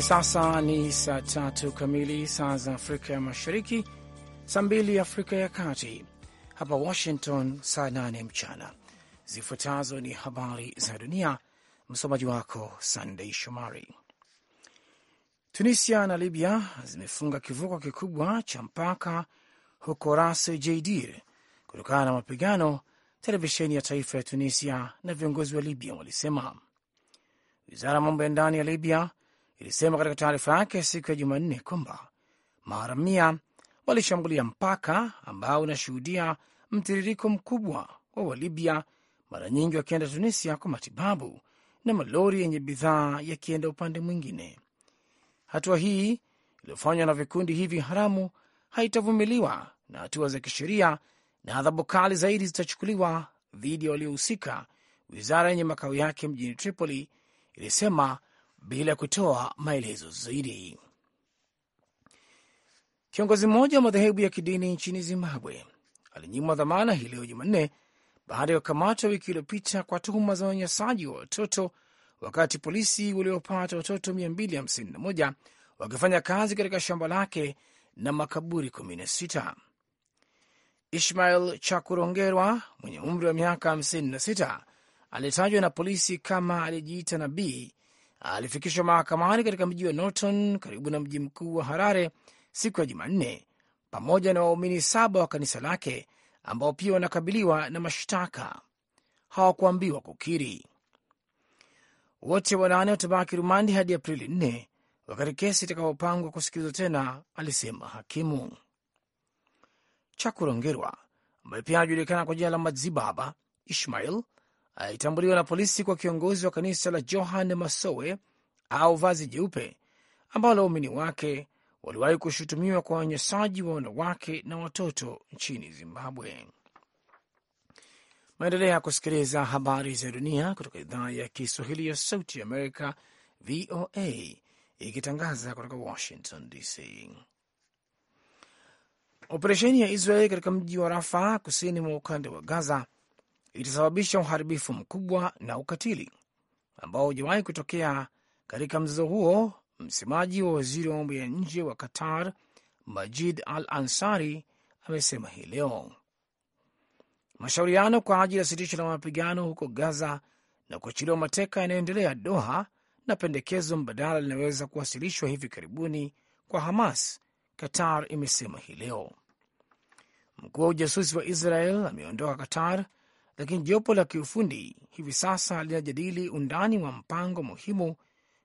Hivi sasa ni saa tatu kamili saa za Afrika ya Mashariki, saa mbili Afrika ya Kati, hapa Washington saa nane mchana. Zifuatazo ni habari za dunia, msomaji wako Sandei Shomari. Tunisia na Libya zimefunga kivuko kikubwa cha mpaka huko Ras Jdir kutokana na mapigano, televisheni ya taifa ya Tunisia na viongozi wa Libya walisema. Wizara ya mambo ya ndani ya Libya ilisema katika taarifa yake siku ya Jumanne kwamba maharamia walishambulia mpaka ambao unashuhudia mtiririko mkubwa wa Walibya, mara nyingi wakienda Tunisia kwa matibabu na malori yenye bidhaa yakienda upande mwingine. Hatua hii iliyofanywa na vikundi hivi haramu haitavumiliwa na hatua za kisheria na adhabu kali zaidi zitachukuliwa dhidi ya waliohusika. Wizara yenye makao yake mjini Tripoli ilisema bila kutoa maelezo zaidi. Kiongozi mmoja wa madhehebu ya kidini nchini Zimbabwe alinyimwa dhamana hii leo Jumanne baada ya kukamatwa wiki iliyopita kwa tuhuma za unyanyasaji wa watoto, wakati polisi waliopata watoto 251 wakifanya kazi katika shamba lake na makaburi 16. Ishmael Chakurongerwa mwenye umri wa miaka 56 alitajwa na polisi kama aliyejiita nabii alifikishwa mahakamani katika mji wa Norton karibu na mji mkuu wa Harare siku ya Jumanne pamoja na waumini saba wa kanisa lake ambao pia wanakabiliwa na mashtaka. Hawakuambiwa kukiri. Wote wanane watabaki rumandi hadi Aprili 4 wakati kesi itakapopangwa kusikilizwa tena, alisema hakimu. Chakurongerwa ambaye pia anajulikana kwa jina la Madzibaba Ishmail alitambuliwa na polisi kwa kiongozi wa kanisa la Johan Masowe au vazi jeupe ambalo waumini wake waliwahi kushutumiwa kwa wanyesaji wa wanawake na watoto nchini Zimbabwe. Maendelea kusikiliza habari za dunia kutoka idhaa ya Kiswahili ya Sauti ya Amerika, VOA, ikitangaza kutoka Washington DC. Operesheni ya Israel katika mji wa Rafa kusini mwa ukanda wa Gaza itasababisha uharibifu mkubwa na ukatili ambao hujawahi kutokea katika mzozo huo. Msemaji wa waziri wa mambo ya nje wa Qatar, Majid Al Ansari, amesema hii leo mashauriano kwa ajili ya sitisho la mapigano huko Gaza na kuachiliwa mateka yanayoendelea Doha na pendekezo mbadala linaweza kuwasilishwa hivi karibuni kwa Hamas, Qatar imesema hii leo. Mkuu wa ujasusi wa Israel ameondoka Qatar lakini jopo la kiufundi hivi sasa linajadili undani wa mpango muhimu.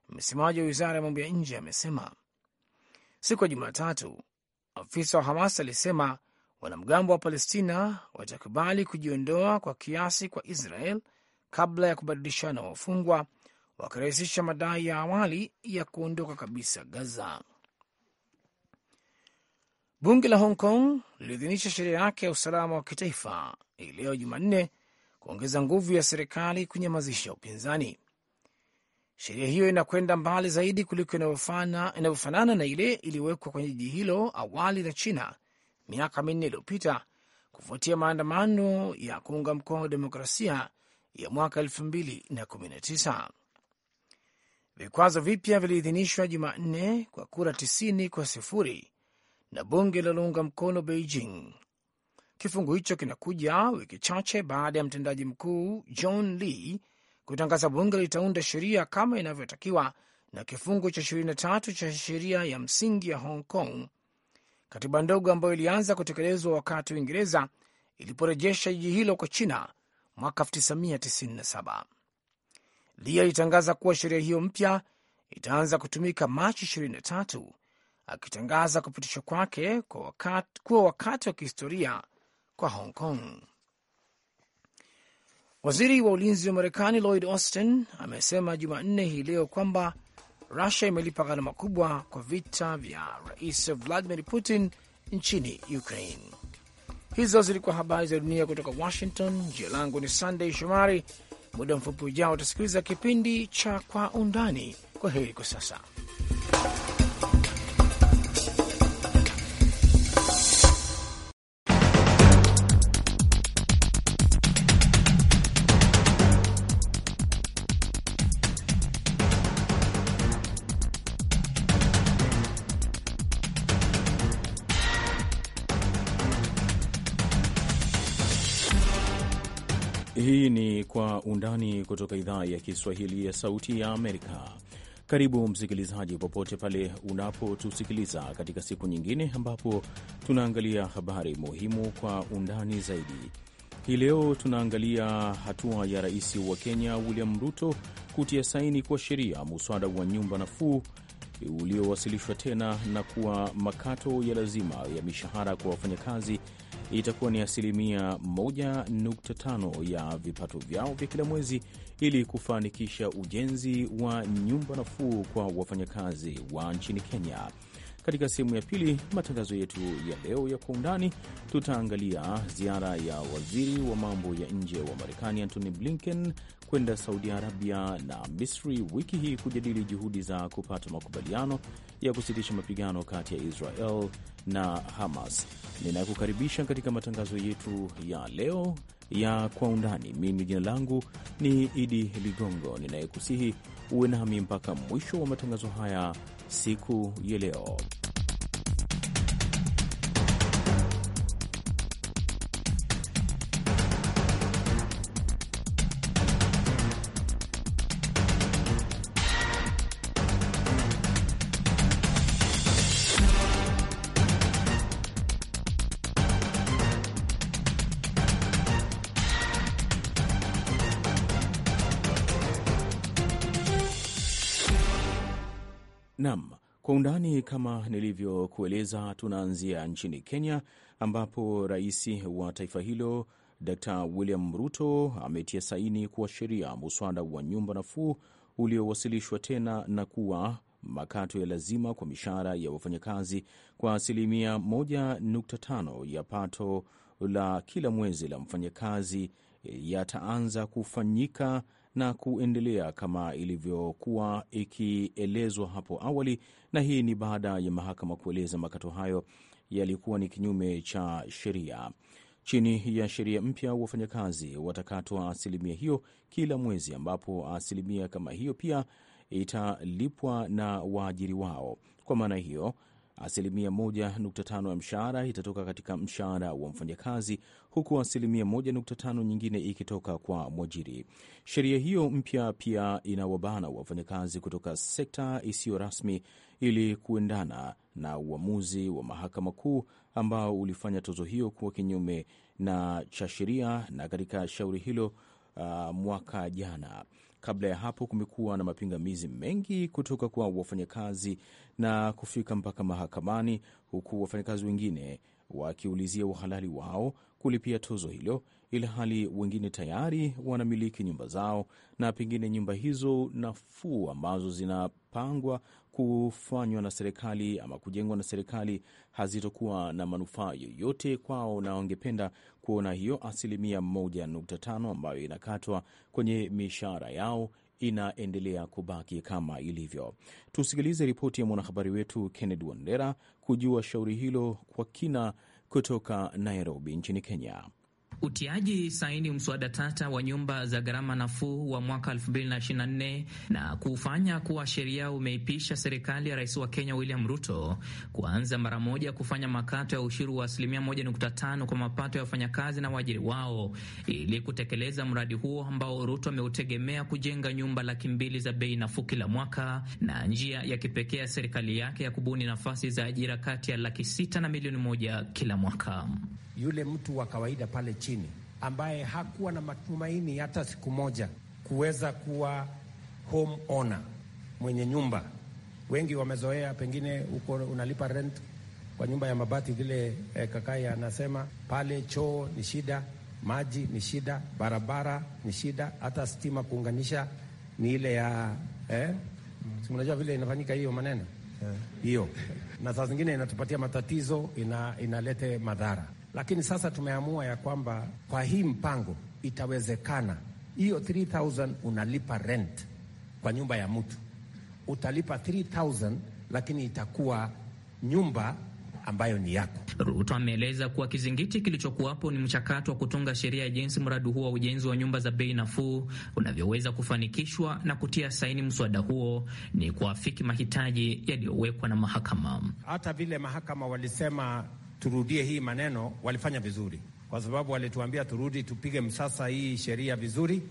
Msemaji wa wizara ya mambo ya nje amesema siku ya Jumatatu afisa wa Hamas alisema wanamgambo wa Palestina watakubali kujiondoa kwa kiasi kwa Israel kabla ya kubadilishana wafungwa, wakirahisisha madai ya awali ya kuondoka kabisa Gaza. Bunge la Hong Kong liliidhinisha sheria yake ya usalama wa kitaifa hii leo Jumanne, kuongeza nguvu ya serikali kunyamazisha upinzani. Sheria hiyo inakwenda mbali zaidi kuliko inavyofanana na ile iliyowekwa kwenye jiji hilo awali la China miaka minne iliyopita kufuatia maandamano ya kuunga mkono demokrasia ya mwaka 2019. Vikwazo vipya viliidhinishwa Jumanne kwa kura 90 kwa sifuri na bunge linalounga mkono Beijing Kifungu hicho kinakuja wiki chache baada ya mtendaji mkuu John Lee kutangaza bunge litaunda sheria kama inavyotakiwa na kifungu cha 23 cha sheria ya msingi ya Hong Kong, katiba ndogo ambayo ilianza kutekelezwa wakati Uingereza iliporejesha jiji hilo kwa China mwaka 1997. Lee alitangaza kuwa sheria hiyo mpya itaanza kutumika Machi 23, akitangaza kupitishwa kwake kuwa wakati wa kihistoria kwa Hong Kong. Waziri wa ulinzi wa Marekani Lloyd Austin amesema Jumanne hii leo kwamba Rusia imelipa gharama kubwa kwa vita vya Rais Vladimir Putin nchini Ukraine. Hizo zilikuwa habari za dunia kutoka Washington. Jina langu ni Sandey Shomari. Muda mfupi ujao utasikiliza kipindi cha Kwa Undani. Kwa heri kwa sasa. Undani kutoka idhaa ya Kiswahili ya Sauti ya Amerika. Karibu msikilizaji, popote pale unapotusikiliza katika siku nyingine ambapo tunaangalia habari muhimu kwa undani zaidi. Hii leo tunaangalia hatua ya rais wa Kenya William Ruto kutia saini kwa sheria muswada wa nyumba nafuu uliowasilishwa tena na kuwa makato ya lazima ya mishahara kwa wafanyakazi itakuwa ni asilimia 1.5 ya vipato vyao vya kila mwezi ili kufanikisha ujenzi wa nyumba nafuu kwa wafanyakazi wa nchini Kenya. Katika sehemu ya pili matangazo yetu ya leo ya kwa undani, tutaangalia ziara ya waziri wa mambo ya nje wa Marekani Antony Blinken kwenda Saudi Arabia na Misri wiki hii kujadili juhudi za kupata makubaliano ya kusitisha mapigano kati ya Israel na Hamas. Ninakukaribisha katika matangazo yetu ya leo ya Kwa Undani. Mimi jina langu ni Idi Ligongo ninayekusihi uwe nami mpaka mwisho wa matangazo haya siku ya leo. Naam, kwa undani kama nilivyokueleza, tunaanzia nchini Kenya ambapo rais wa taifa hilo Dr. William Ruto ametia saini kuwa sheria muswada wa nyumba nafuu uliowasilishwa tena na kuwa makato ya lazima kwa mishahara ya wafanyakazi kwa asilimia 1.5 ya pato la kila mwezi la mfanyakazi yataanza kufanyika na kuendelea kama ilivyokuwa ikielezwa hapo awali, na hii ni baada ya mahakama kueleza makato hayo yalikuwa ni kinyume cha sheria. Chini ya sheria mpya, wafanyakazi watakatwa asilimia hiyo kila mwezi, ambapo asilimia kama hiyo pia italipwa na waajiri wao. Kwa maana hiyo Asilimia 1.5 ya mshahara itatoka katika mshahara wa mfanyakazi, huku asilimia 1.5 nyingine ikitoka kwa mwajiri. Sheria hiyo mpya pia inawabana wafanyakazi kutoka sekta isiyo rasmi ili kuendana na uamuzi wa mahakama kuu ambao ulifanya tozo hiyo kuwa kinyume na cha sheria na katika shauri hilo uh, mwaka jana. Kabla ya hapo kumekuwa na mapingamizi mengi kutoka kwa wafanyakazi na kufika mpaka mahakamani, huku wafanyakazi wengine wakiulizia uhalali wao kulipia tozo hilo, ili hali wengine tayari wanamiliki nyumba zao na pengine nyumba hizo nafuu ambazo zinapangwa kufanywa na serikali ama kujengwa na serikali hazitokuwa na manufaa yoyote kwao, na wangependa kuona hiyo asilimia 1.5 ambayo inakatwa kwenye mishahara yao inaendelea kubaki kama ilivyo. Tusikilize ripoti ya mwanahabari wetu kenned Wandera kujua shauri hilo kwa kina kutoka Nairobi nchini Kenya. Utiaji saini mswada tata wa nyumba za gharama nafuu wa mwaka 2024 na kuufanya kuwa sheria umeipisha serikali ya rais wa Kenya William Ruto kuanza mara moja kufanya makato ya ushuru wa asilimia 1.5 kwa mapato ya wafanyakazi na waajiri wao ili kutekeleza mradi huo ambao Ruto ameutegemea kujenga nyumba laki mbili za bei nafuu kila mwaka na njia ya kipekee ya serikali yake ya kubuni nafasi za ajira kati ya laki sita na milioni moja kila mwaka yule mtu wa kawaida pale chini ambaye hakuwa na matumaini hata siku moja kuweza kuwa home owner, mwenye nyumba. Wengi wamezoea pengine uko unalipa rent kwa nyumba ya mabati vile eh, kakai anasema pale, choo ni shida, maji ni shida, barabara ni shida, hata stima kuunganisha ni ile ya eh? Si unajua vile inafanyika hiyo maneno eh. hiyo yeah. Na saa zingine inatupatia matatizo ina, inalete madhara lakini sasa tumeamua ya kwamba kwa hii mpango itawezekana. Hiyo 3000 unalipa rent kwa nyumba ya mtu, utalipa 3000 lakini itakuwa nyumba ambayo ni yako. Ruto ameeleza kuwa kizingiti kilichokuwapo ni mchakato wa kutunga sheria ya jinsi mradi huo wa ujenzi wa nyumba za bei nafuu unavyoweza kufanikishwa, na kutia saini mswada huo ni kuafiki mahitaji yaliyowekwa na mahakama. Hata vile mahakama walisema turudie hii maneno, walifanya vizuri, kwa sababu walituambia turudi tupige msasa hii sheria vizuri.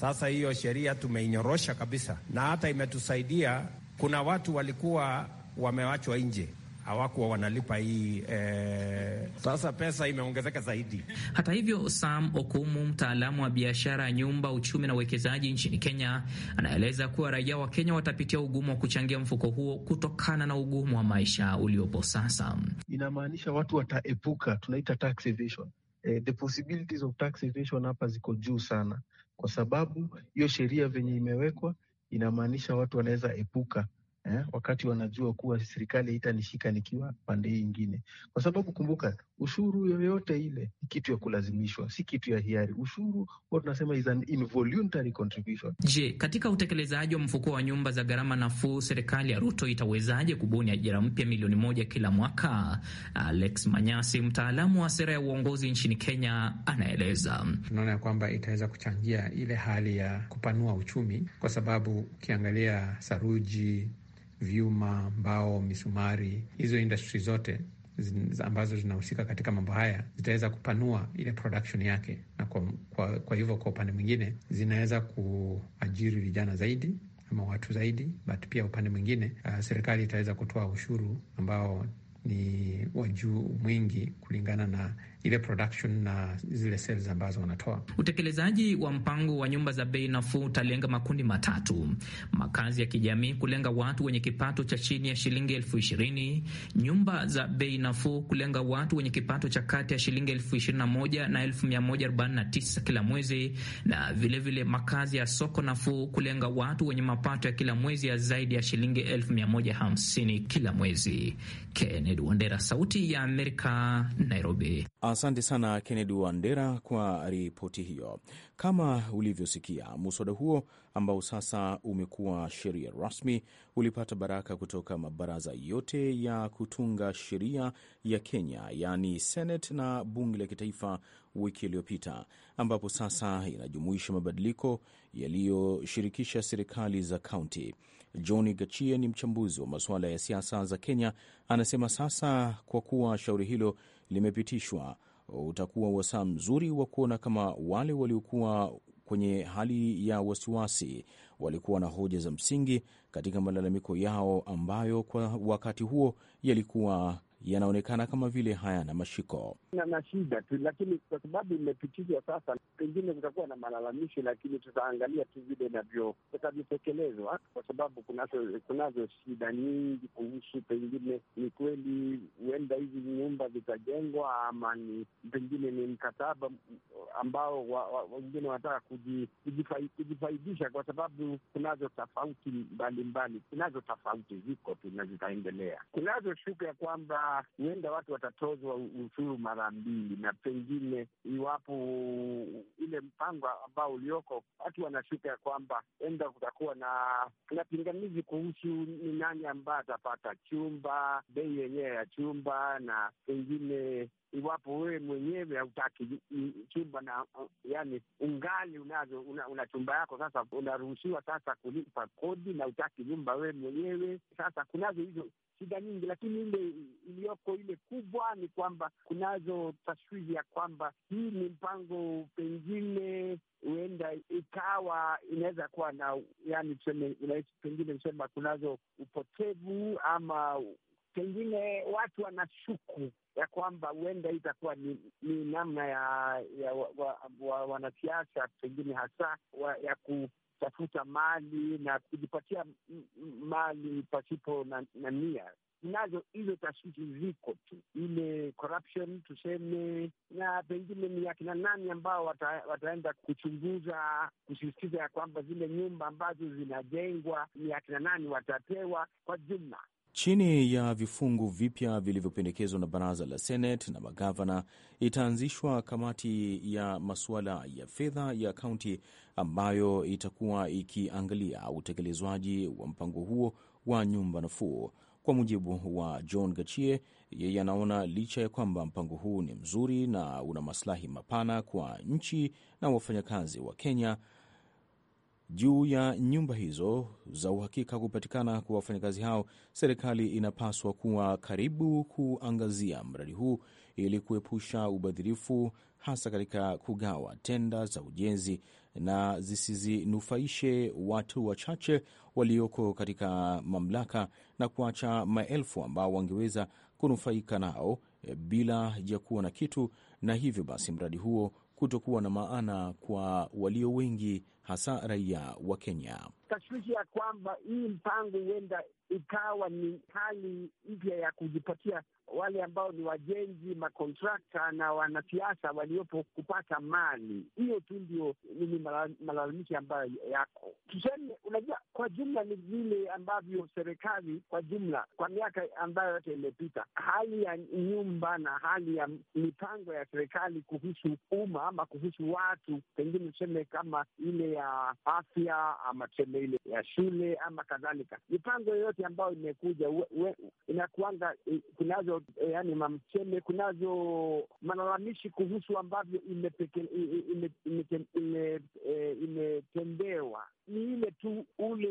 Sasa hiyo sheria tumeinyorosha kabisa, na hata imetusaidia. Kuna watu walikuwa wamewachwa nje hawakuwa wanalipa hii eh. Sasa pesa imeongezeka zaidi. Hata hivyo, Sam Okumu, mtaalamu wa biashara ya nyumba, uchumi na uwekezaji nchini Kenya, anaeleza kuwa raia wa Kenya watapitia ugumu wa kuchangia mfuko huo kutokana na ugumu wa maisha uliopo sasa. Inamaanisha watu wataepuka, tunaita tax evasion. Eh, the possibilities of tax evasion hapa ziko juu sana, kwa sababu hiyo sheria venye imewekwa inamaanisha watu wanaweza epuka eh, wakati wanajua kuwa serikali itanishika nikiwa pande hii ingine, kwa sababu kumbuka, ushuru yoyote ile ni kitu ya kulazimishwa, si kitu ya hiari. Ushuru huwa tunasema is an involuntary contribution. Je, katika utekelezaji wa mfuko wa nyumba za gharama nafuu, serikali ya Ruto itawezaje kubuni ajira mpya milioni moja kila mwaka? Alex Manyasi, mtaalamu wa sera ya uongozi nchini Kenya, anaeleza. Tunaona ya kwamba itaweza kuchangia ile hali ya kupanua uchumi, kwa sababu ukiangalia saruji vyuma, mbao, misumari, hizo industry zote ambazo zinahusika katika mambo haya zitaweza kupanua ile production yake, na kwa, kwa, kwa hivyo kwa upande mwingine zinaweza kuajiri vijana zaidi ama watu zaidi, but pia upande mwingine uh, serikali itaweza kutoa ushuru ambao ni wa juu mwingi kulingana na ile production na zile sales ambazo wanatoa. Utekelezaji wa mpango wa nyumba za bei nafuu utalenga makundi matatu: makazi ya kijamii kulenga watu wenye kipato cha chini ya shilingi elfu ishirini, nyumba za bei nafuu kulenga watu wenye kipato cha kati ya shilingi elfu ishirini na moja na elfu mia moja arobaini na tisa kila mwezi, na vilevile vile makazi ya soko nafuu kulenga watu wenye mapato ya kila mwezi ya zaidi ya shilingi elfu mia moja hamsini kila mwezi. Kennedy Wandera, Sauti ya Amerika, Nairobi. Asante sana Kennedy Wandera kwa ripoti hiyo. Kama ulivyosikia, muswada huo ambao sasa umekuwa sheria rasmi ulipata baraka kutoka mabaraza yote ya kutunga sheria ya Kenya, yaani Senate na bunge la kitaifa wiki iliyopita, ambapo sasa inajumuisha mabadiliko yaliyoshirikisha serikali za kaunti. John Gachie ni mchambuzi wa masuala ya siasa za Kenya, anasema sasa kwa kuwa shauri hilo limepitishwa utakuwa wasaa mzuri wa kuona kama wale waliokuwa kwenye hali ya wasiwasi walikuwa na hoja za msingi katika malalamiko yao ambayo kwa wakati huo yalikuwa yanaonekana kama vile hayana mashiko na, na shida tu, lakini kwa sababu imepitishwa sasa, pengine kutakuwa na malalamishi, lakini tutaangalia tu vile itavyotekelezwa kwa sababu kunazo, kunazo shida nyingi kuhusu pengine ni kweli huenda hizi nyumba zitajengwa ama ni pengine ni mkataba ambao wengine wa, wa, wanataka kujifai, kujifaidisha, kwa sababu kunazo tofauti mbalimbali, kunazo tofauti ziko tu na zitaendelea, kunazo shuka ya kwamba Ah, huenda watu watatozwa ushuru mara mbili, na pengine iwapo ile mpango ambao ulioko, watu wanashuka ya kwamba enda kutakuwa na na pingamizi kuhusu ni nani ambaye atapata chumba, bei yenyewe ya chumba, na pengine iwapo wewe mwenyewe hautaki chumba na yani ungali unazo una, una chumba yako, sasa unaruhusiwa sasa kulipa kodi na utaki nyumba wewe mwenyewe. Sasa kunazo hizo shida nyingi, lakini ile iliyoko ile kubwa ni kwamba kunazo taswiri ya kwamba hii ni mpango pengine huenda ikawa inaweza kuwa na yani, tuseme pengine kusema kunazo upotevu ama pengine watu wanashuku ya kwamba huenda itakuwa ni, ni namna ya, ya wa, wa, wa, wanasiasa pengine hasa wa, ya ku kutafuta mali na kujipatia mali pasipo na, na nia Inazo hizo tashwishi ziko tu, ile corruption tuseme, na pengine ni akina nani ambao wata, wataenda kuchunguza kusisitiza ya kwamba zile nyumba ambazo zinajengwa ni akina nani watapewa. Kwa jumla, Chini ya vifungu vipya vilivyopendekezwa na baraza la Senate na magavana, itaanzishwa kamati ya masuala ya fedha ya kaunti ambayo itakuwa ikiangalia utekelezwaji wa mpango huo wa nyumba nafuu. Kwa mujibu wa John Gachie, yeye anaona licha ya kwamba mpango huu ni mzuri na una maslahi mapana kwa nchi na wafanyakazi wa Kenya, juu ya nyumba hizo za uhakika kupatikana kwa wafanyakazi hao, serikali inapaswa kuwa karibu kuangazia mradi huu ili kuepusha ubadhirifu, hasa katika kugawa tenda za ujenzi na zisizinufaishe watu wachache walioko katika mamlaka na kuacha maelfu ambao wangeweza kunufaika nao eh, bila ya kuwa na kitu, na hivyo basi mradi huo kutokuwa na maana kwa walio wengi hasa raia wa Kenya. Tashwishi ya kwamba hii mpango huenda ikawa ni hali mpya ya kujipatia wale ambao ni wajenzi, makontrakta na wanasiasa waliopo kupata mali hiyo tu. Ndio nini malalamishi ambayo yako, tuseme, unajua, kwa jumla ni vile ambavyo serikali kwa jumla kwa miaka ambayo yote imepita, hali ya nyumba na hali ya mipango ya serikali kuhusu umma ama kuhusu watu, pengine tuseme kama ile ya afya ama tuseme ile ya shule ama kadhalika, mipango yoyote wakati ambao imekuja inakuanga e, kunazo e, yani mamcheme, kunazo malalamishi kuhusu ambavyo e, imetendewa ni ile tu ule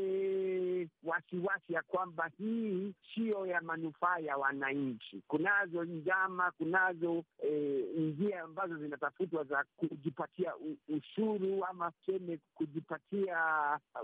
wasiwasi ya kwamba hii sio ya manufaa ya wananchi. Kunazo njama, kunazo e, njia ambazo zinatafutwa za kujipatia ushuru ama seme kujipatia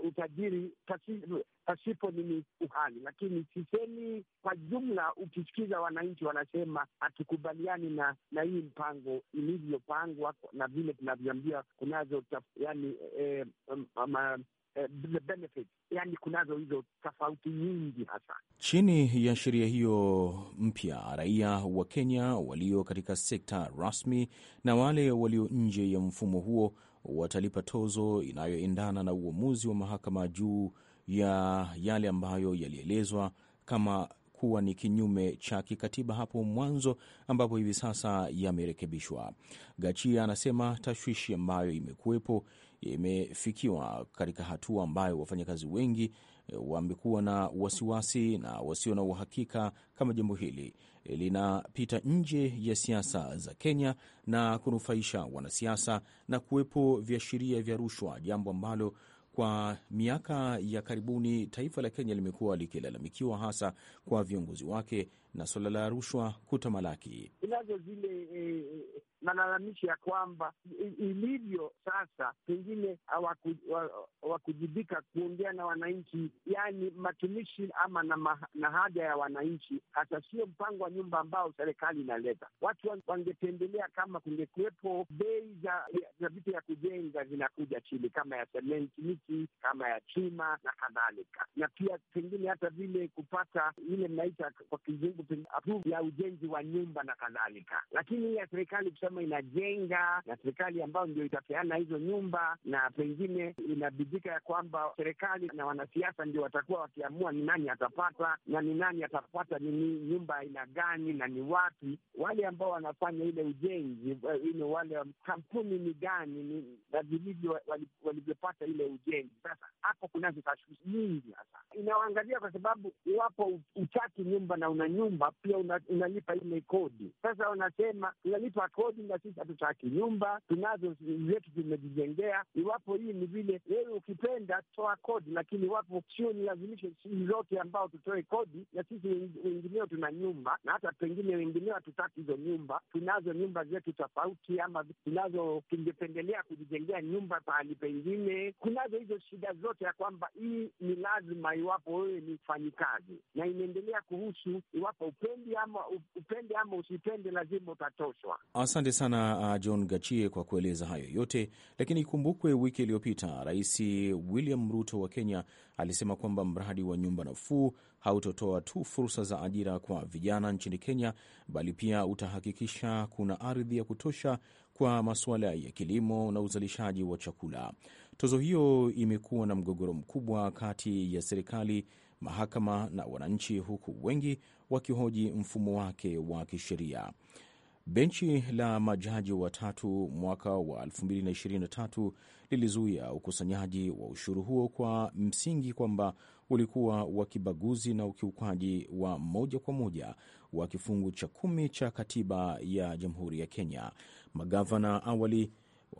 utajiri pasi, pasipo nini uhani. Lakini sisemi kwa jumla, ukisikiza wananchi wanasema hatukubaliani na na hii mpango ilivyopangwa na vile tunavyoambia kunazo yani, eh, eh um, ama, eh, benefits yani kunazo hizo tofauti nyingi hasa. Chini ya sheria hiyo mpya, raia wa Kenya walio katika sekta rasmi na wale walio nje ya mfumo huo watalipa tozo inayoendana na uamuzi wa mahakama juu ya yale ambayo yalielezwa kama kuwa ni kinyume cha kikatiba hapo mwanzo, ambapo hivi sasa yamerekebishwa. Gachia anasema tashwishi ambayo imekuwepo imefikiwa katika hatua ambayo wafanyakazi wengi eh, wamekuwa na wasiwasi na wasio na uhakika kama jambo hili linapita nje ya siasa za Kenya na kunufaisha wanasiasa na kuwepo viashiria vya rushwa, jambo ambalo kwa miaka ya karibuni taifa la Kenya limekuwa likilalamikiwa hasa kwa viongozi wake na suala la rushwa kutamalaki. Inazo zile e, e malalamishi ya kwamba ilivyo sasa pengine hawakujibika kuongea na wananchi, yaani matumishi ama na, ma, na haja ya wananchi, hasa sio mpango wa nyumba ambao serikali inaleta. Watu wangependelea kama kungekuwepo bei za vitu ya kujenga zinakuja chini, kama ya sementi, miti kama ya chuma na kadhalika, na pia pengine hata vile kupata ile mnaita kwa kizungu approve ya ujenzi wa nyumba na kadhalika, lakini hii ya serikali kusema inajenga na serikali ambayo ndio itapeana hizo nyumba, na pengine inabidika ya kwamba serikali na wanasiasa ndio watakuwa wakiamua ni nani atapata na ni nani atapata ni nyumba aina gani na ni wapi, wale ambao wanafanya ile ujenzi eh, ino, wale kampuni ni gani ni, na vilivyo walivyopata ile ujenzi. Sasa hapo kunazo tashwishi nyingi, sasa inawaangalia kwa sababu iwapo utaki nyumba na una nyumba nyumba pia unalipa ile kodi. Sasa wanasema unalipa kodi na sisi hatutaki nyumba, tunazo zetu zimejijengea Iwapo hii ni vile wewe ukipenda toa kodi, lakini iwapo sio nilazimishe sisi zote ambao tutoe kodi, na sisi wengineo tuna nyumba, na hata pengine wengineo hatutaki hizo nyumba, tunazo nyumba zetu tofauti, ama tunazo tungependelea kujijengea nyumba pahali pengine. Kunazo hizo shida zote ya kwamba hii ni lazima, iwapo wewe ni mfanyikazi, na inaendelea kuhusu iwapo upende ama upende ama usipende, lazima utatoshwa. Asante sana uh, John Gachie kwa kueleza hayo yote, lakini ikumbukwe, wiki iliyopita Rais William Ruto wa Kenya alisema kwamba mradi wa nyumba nafuu hautotoa tu fursa za ajira kwa vijana nchini Kenya, bali pia utahakikisha kuna ardhi ya kutosha kwa masuala ya kilimo na uzalishaji wa chakula. Tozo hiyo imekuwa na mgogoro mkubwa kati ya serikali, mahakama na wananchi, huku wengi wakihoji mfumo wake wa kisheria. Benchi la majaji watatu mwaka wa 2023 lilizuia ukusanyaji wa ushuru huo kwa msingi kwamba ulikuwa wa kibaguzi na ukiukwaji wa moja kwa moja wa kifungu cha kumi cha katiba ya Jamhuri ya Kenya. Magavana awali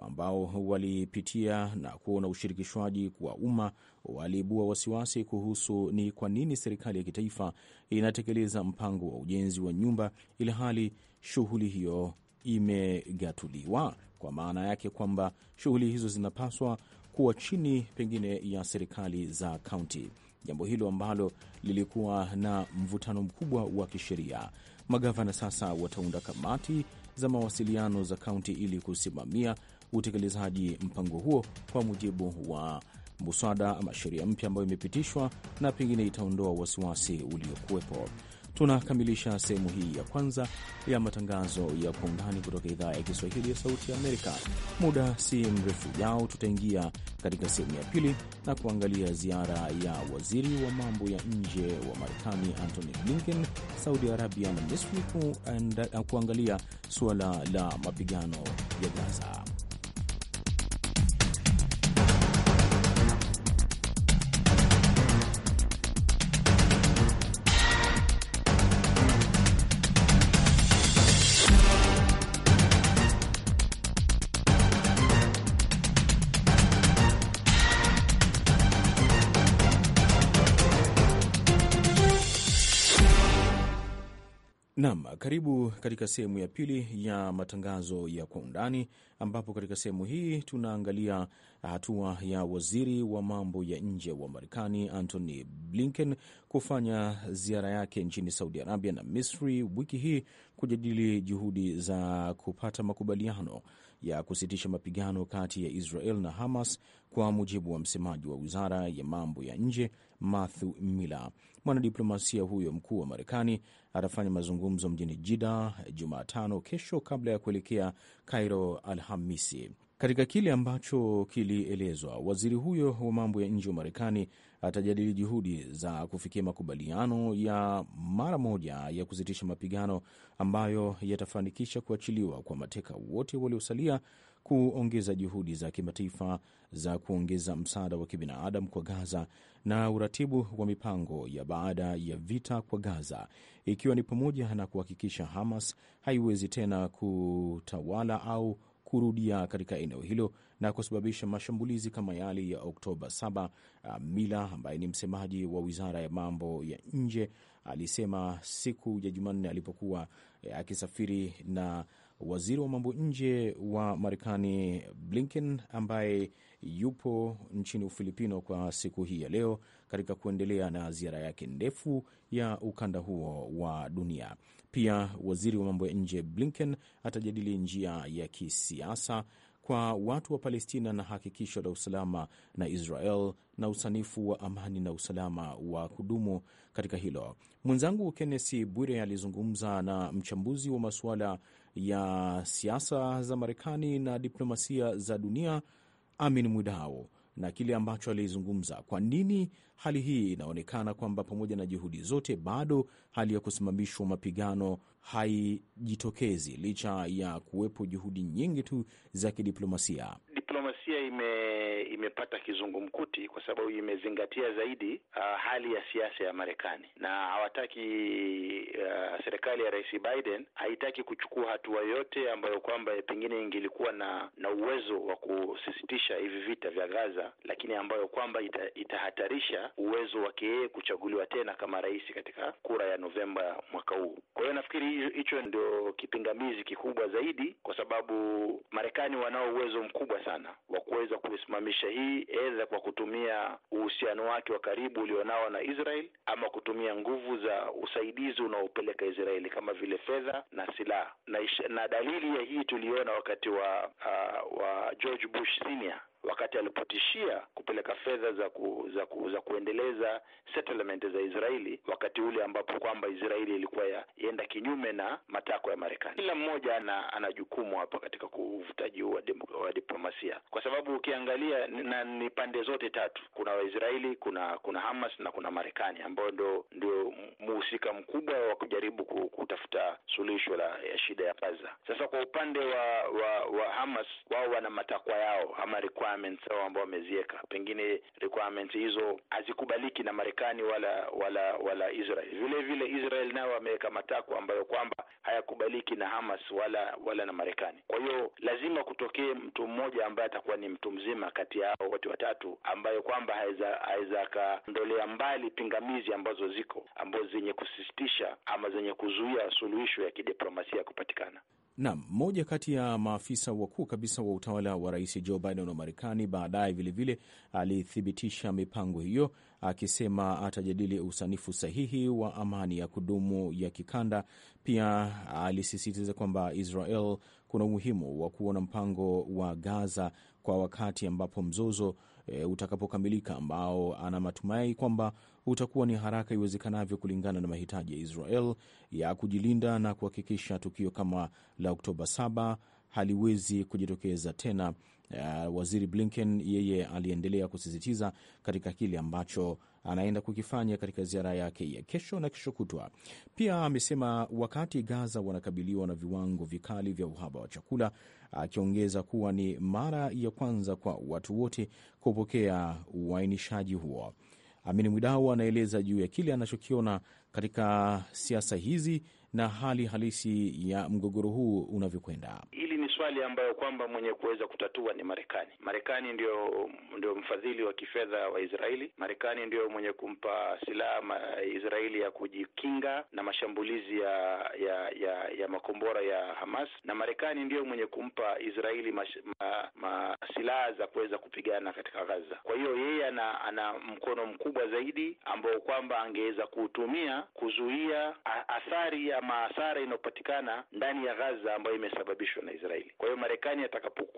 ambao walipitia na kuona ushirikishwaji wa umma waliibua wasiwasi kuhusu ni kwa nini serikali ya kitaifa inatekeleza mpango wa ujenzi wa nyumba ili hali shughuli hiyo imegatuliwa, kwa maana yake kwamba shughuli hizo zinapaswa kuwa chini pengine ya serikali za kaunti, jambo hilo ambalo lilikuwa na mvutano mkubwa wa kisheria. Magavana sasa wataunda kamati za mawasiliano za kaunti ili kusimamia utekelezaji mpango huo kwa mujibu wa muswada ama sheria mpya ambayo imepitishwa na pengine itaondoa wasiwasi uliokuwepo. Tunakamilisha sehemu hii ya kwanza ya matangazo ya kwa undani kutoka idhaa ya Kiswahili ya Sauti ya Amerika. Muda si mrefu ujao, tutaingia katika sehemu ya pili na kuangalia ziara ya waziri wa mambo ya nje wa Marekani Antony Blinken Saudi Arabia na Misri, uh, kuangalia suala la mapigano ya Gaza. Karibu katika sehemu ya pili ya matangazo ya kwa undani, ambapo katika sehemu hii tunaangalia hatua ya waziri wa mambo ya nje wa Marekani Antony Blinken kufanya ziara yake nchini Saudi Arabia na Misri wiki hii kujadili juhudi za kupata makubaliano ya kusitisha mapigano kati ya Israel na Hamas, kwa mujibu wa msemaji wa wizara ya mambo ya nje Matthew Miller. Mwanadiplomasia huyo mkuu wa Marekani atafanya mazungumzo mjini Jida Jumatano kesho kabla ya kuelekea Kairo Alhamisi. Katika kile ambacho kilielezwa, waziri huyo wa mambo ya nje wa Marekani atajadili juhudi za kufikia makubaliano ya mara moja ya kusitisha mapigano ambayo yatafanikisha kuachiliwa kwa mateka wote waliosalia, kuongeza juhudi za kimataifa za kuongeza msaada wa kibinadamu kwa Gaza na uratibu wa mipango ya baada ya vita kwa Gaza, ikiwa ni pamoja na kuhakikisha Hamas haiwezi tena kutawala au kurudia katika eneo hilo na kusababisha mashambulizi kama yale ya Oktoba 7. Uh, Mila ambaye ni msemaji wa wizara ya mambo ya nje alisema siku ya Jumanne alipokuwa eh, akisafiri na waziri wa mambo nje wa Marekani Blinken ambaye yupo nchini Ufilipino kwa siku hii ya leo katika kuendelea na ziara yake ndefu ya ukanda huo wa dunia. Pia waziri wa mambo ya nje Blinken atajadili njia ya kisiasa kwa watu wa Palestina na hakikisho la usalama na Israel na usanifu wa amani na usalama wa kudumu katika hilo. Mwenzangu Kennesi Bwire alizungumza na mchambuzi wa masuala ya siasa za Marekani na diplomasia za dunia Amin Mwidau na kile ambacho alizungumza. Kwa nini hali hii inaonekana kwamba pamoja na juhudi zote bado hali ya kusimamishwa mapigano haijitokezi licha ya kuwepo juhudi nyingi tu za kidiplomasia? ime, imepata kizungumkuti kwa sababu imezingatia zaidi uh, hali ya siasa ya Marekani na hawataki uh, serikali ya Rais Biden haitaki kuchukua hatua yote ambayo kwamba pengine ingilikuwa na na uwezo wa kusisitisha hivi vita vya Gaza, lakini ambayo kwamba ita, itahatarisha uwezo wake yeye kuchaguliwa tena kama rais katika kura ya Novemba mwaka huu. Kwa hiyo nafikiri hicho ndio kipingamizi kikubwa zaidi, kwa sababu Marekani wanao uwezo mkubwa sana wa kuweza kuisimamisha hii, aidha kwa kutumia uhusiano wake wa karibu ulionao na Israel ama kutumia nguvu za usaidizi unaopeleka Israeli kama vile fedha na silaha na, na dalili ya hii tuliona wakati wa uh, wa George Bush Senior wakati alipotishia kupeleka fedha za ku, za, ku, za kuendeleza settlement za Israeli, wakati ule ambapo kwamba Israeli ilikuwa yaenda kinyume na matakwa ya Marekani. Kila mmoja ana, ana jukumu hapa katika kuvutaji huu wa diplomasia, kwa sababu ukiangalia na ni pande zote tatu, kuna Waisraeli, kuna kuna Hamas na kuna Marekani ambayo ndio ndio muhusika mkubwa wa kujaribu kutafuta suluhisho la ya shida ya Gaza. Sasa kwa upande wa wa, wa Hamas, wao wana matakwa yao Amerika requirements hao ambao wameziweka. Pengine requirements hizo hazikubaliki na Marekani wala wala wala Israel. Vile vile Israel nao wameweka matakwa ambayo kwamba hayakubaliki na Hamas wala wala na Marekani. Kwa hiyo lazima kutokee mtu mmoja ambaye atakuwa ni mtu mzima kati ya hao wote watatu, ambayo kwamba haweza akaondolea mbali pingamizi ambazo ziko ambazo zenye kusisitisha ama zenye kuzuia suluhisho ya kidiplomasia kupatikana. Naam, mmoja kati ya maafisa wakuu kabisa wa utawala wa Rais Joe Biden wa Marekani baadaye vilevile alithibitisha mipango hiyo akisema atajadili usanifu sahihi wa amani ya kudumu ya kikanda. Pia alisisitiza kwamba Israel kuna umuhimu wa kuona mpango wa Gaza kwa wakati ambapo mzozo e, utakapokamilika ambao ana matumai kwamba utakuwa ni haraka iwezekanavyo kulingana na mahitaji ya Israel ya kujilinda na kuhakikisha tukio kama la Oktoba 7 haliwezi kujitokeza tena. Uh, Waziri Blinken yeye aliendelea kusisitiza katika kile ambacho anaenda kukifanya katika ziara yake ya kesho na kesho kutwa. Pia amesema wakati Gaza wanakabiliwa na viwango vikali vya uhaba wa chakula akiongeza kuwa ni mara ya kwanza kwa watu wote kupokea uainishaji huo. Amin Mwidau anaeleza juu ya kile anachokiona katika siasa hizi na hali halisi ya mgogoro huu unavyokwenda ni swali ambayo kwamba mwenye kuweza kutatua ni Marekani. Marekani ndio ndio mfadhili wa kifedha wa Israeli. Marekani ndio mwenye kumpa silaha Israeli ya kujikinga na mashambulizi ya ya ya, ya makombora ya Hamas, na Marekani ndio mwenye kumpa Israeli silaha za kuweza kupigana katika Gaza. Kwa hiyo yeye ana, ana mkono mkubwa zaidi ambao kwamba angeweza kuutumia kuzuia athari ama maasara inayopatikana ndani ya Gaza ambayo imesababishwa na Israeli. Israeli. Kwa hiyo Marekani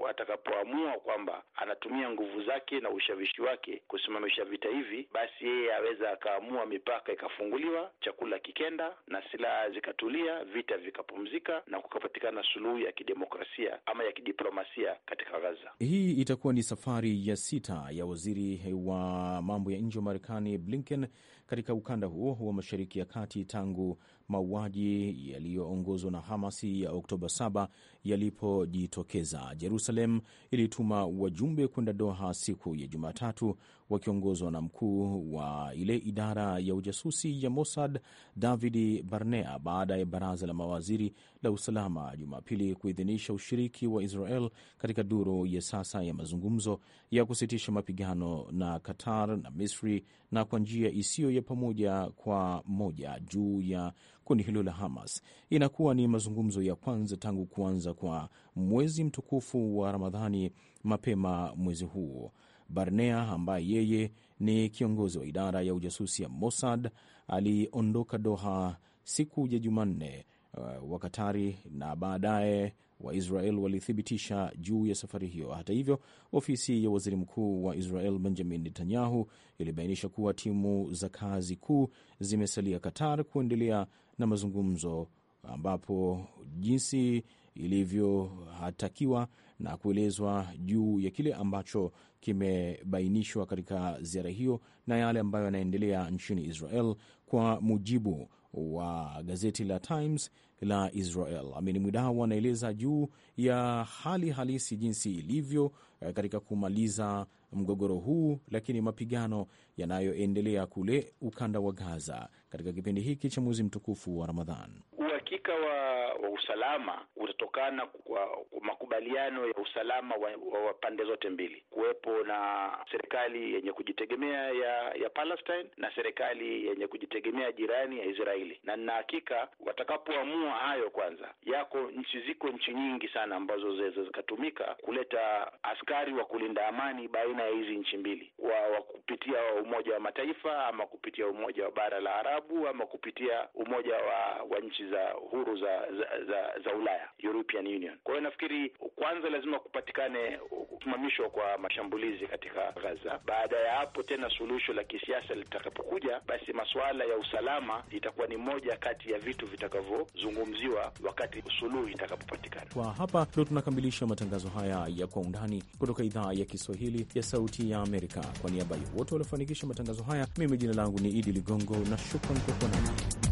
atakapoamua kwamba anatumia nguvu zake na ushawishi wake kusimamisha vita hivi, basi yeye aweza akaamua mipaka ikafunguliwa, chakula kikenda na silaha zikatulia, vita vikapumzika na kukapatikana suluhu ya kidemokrasia ama ya kidiplomasia katika Gaza. Hii itakuwa ni safari ya sita ya waziri wa mambo ya nje wa Marekani Blinken katika ukanda huo wa Mashariki ya Kati tangu mauaji yaliyoongozwa na Hamasi ya Oktoba 7 yalipojitokeza, Jerusalem ilituma wajumbe kwenda Doha siku ya Jumatatu wakiongozwa na mkuu wa ile idara ya ujasusi ya Mossad David Barnea baada ya baraza la mawaziri la Usalama Jumapili kuidhinisha ushiriki wa Israel katika duru ya sasa ya mazungumzo ya kusitisha mapigano na Qatar na Misri na kwa njia isiyo ya pamoja kwa moja juu ya kundi hilo la Hamas. Inakuwa ni mazungumzo ya kwanza tangu kuanza kwa mwezi mtukufu wa Ramadhani mapema mwezi huu. Barnea ambaye yeye ni kiongozi wa idara ya ujasusi ya Mossad aliondoka Doha siku ya Jumanne uh, katari na baadaye Waisrael walithibitisha juu ya safari hiyo. Hata hivyo, ofisi ya waziri mkuu wa Israel Benjamin Netanyahu ilibainisha kuwa timu za kazi kuu zimesalia Qatar kuendelea na mazungumzo, ambapo jinsi ilivyohatakiwa na kuelezwa juu ya kile ambacho kimebainishwa katika ziara hiyo na yale ambayo yanaendelea nchini Israel. Kwa mujibu wa gazeti la Times, la Israel. Amin Mwidau anaeleza juu ya hali halisi jinsi ilivyo eh, katika kumaliza mgogoro huu, lakini mapigano yanayoendelea kule ukanda wa Gaza katika kipindi hiki cha mwezi mtukufu wa Ramadhan uhakika wa, wa usalama utatokana kwa, kwa makubaliano ya usalama wa, wa, wa pande zote mbili, kuwepo na serikali yenye kujitegemea ya ya Palestine na serikali yenye kujitegemea jirani ya Israeli, na nina hakika watakapoamua hayo, kwanza yako nchi, ziko nchi nyingi sana ambazo zinaweza zikatumika kuleta askari wa kulinda amani baina ya hizi nchi mbili wa, wa kupitia Umoja wa Mataifa ama kupitia Umoja wa Bara la Arabu ama kupitia umoja wa, wa nchi za huru za za, za, za Ulaya, European Union. Kwa hiyo nafikiri kwanza lazima kupatikane kusimamishwa kwa mashambulizi katika Gaza. Baada ya hapo tena suluhisho la kisiasa litakapokuja, basi masuala ya usalama itakuwa ni moja kati ya vitu vitakavyozungumziwa wakati suluhu itakapopatikana. Kwa hapa ndo tunakamilisha matangazo haya ya Kwa Undani kutoka idhaa ya Kiswahili ya Sauti ya Amerika. Kwa niaba ya wote waliofanikisha matangazo haya, mimi jina langu ni Idi Ligongo na shukran kwa kuwa nami.